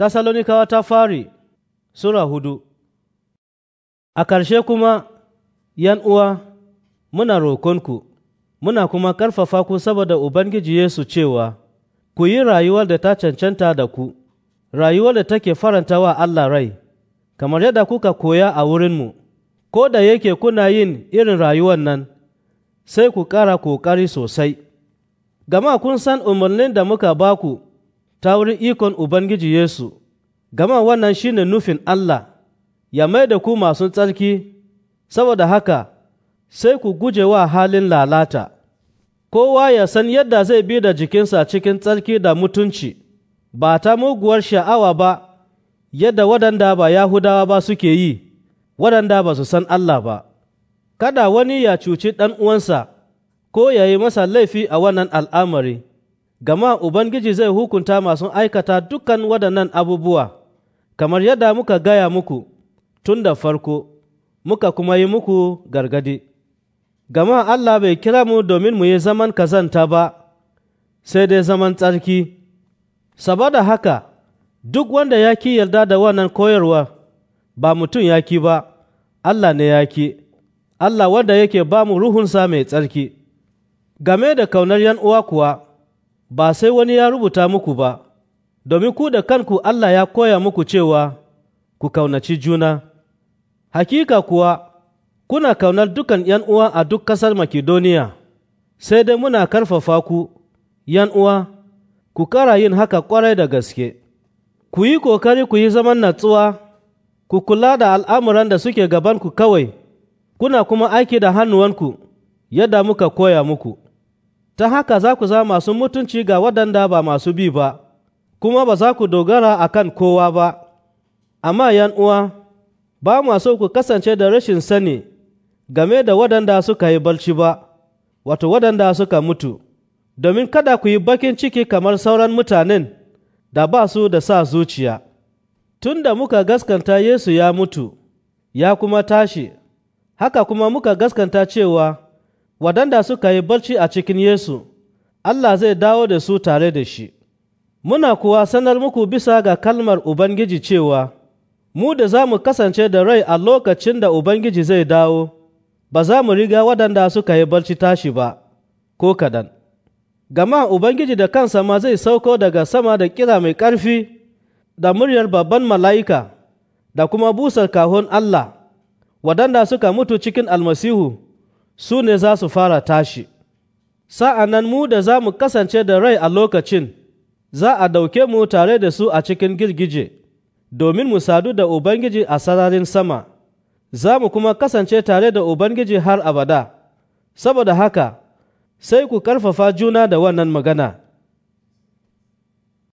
Tasalonikawa ta fari Sura hudu A ƙarshe kuma, ’yan uwa, muna rokonku, muna kuma ƙarfafa ku saboda Ubangiji Yesu cewa, ku yi rayuwar da ta cancanta da ku, rayuwar da take faranta wa Allah rai, kamar yadda kuka koya a wurinmu, ko da yake kuna yin irin rayuwar nan, sai ku ƙara ƙoƙari sosai. Gama kun san umarnin da muka baku ta wurin ikon Ubangiji Yesu, gama wannan shine nufin Allah, ya mai da ku masu tsarki, saboda haka sai ku guje wa halin lalata, kowa ya san yadda zai bi da jikinsa cikin tsarki da mutunci, ba ta muguwar sha'awa ba, yadda waɗanda ba Yahudawa ba suke yi, waɗanda ba su san Allah ba. Kada wani ya cuci ɗan uwansa ko ya yi masa laifi a wannan al'amari. gama Ubangiji zai hukunta masu aikata dukan waɗannan abubuwa, kamar yadda muka gaya muku tun da farko, muka kuma yi muku gargadi. Gama Allah bai kira mu domin mu yi zaman kazanta ba, sai dai zaman tsarki. Saboda haka, duk wanda ya ki yarda da wannan koyarwa, ba mutum ya ki ba, Allah ne ya ki, Allah wanda yake ba mu ruhunsa mai tsarki. Game da kaunar uwa kuwa, ba sai wani ya rubuta muku ba, domin ku da kanku Allah ya koya muku cewa ku kaunaci juna. Hakika kuwa, kuna kaunar dukan ’yan uwa a duk ƙasar Makedoniya, sai dai muna karfafa ku, ’yan uwa, ku kara yin haka ƙwarai da gaske. Ku yi ƙoƙari ku yi zaman natsuwa, ku kula da al'amuran da suke gabanku kawai, kuna kuma aiki da hannuwanku yadda muka koya muku. ta haka za ku za masu mutunci ga waɗanda ba masu bi ba, kuma ba za ku dogara a kan kowa ba, amma yan uwa, ba masu ku kasance da rashin sani game da waɗanda suka yi balci ba, wato waɗanda suka mutu, domin kada ku yi bakin ciki kamar sauran mutanen da ba su da sa zuciya. Tun da muka gaskanta Yesu ya mutu, ya kuma tashi, haka kuma muka gaskanta cewa waɗanda suka yi barci a cikin Yesu, Allah zai dawo da su tare da shi. Muna kuwa sanar muku bisa ga kalmar Ubangiji cewa, Mu da za mu kasance da rai a lokacin da Ubangiji zai dawo, ba za mu riga waɗanda suka yi barci tashi ba, ko kaɗan. Gama Ubangiji da kansa ma zai sauko daga sama da kira mai ƙarfi, da muryar babban mala'ika, da kuma busar kahon Allah, waɗanda suka mutu cikin almasihu. su ne za su fara tashi sa'an nan mu da za mu kasance da rai a lokacin za a ɗauke mu tare da su a cikin girgije domin mu sadu da ubangiji a sararin sama za mu kuma kasance tare da ubangiji har abada saboda haka sai ku ƙarfafa juna da wannan magana.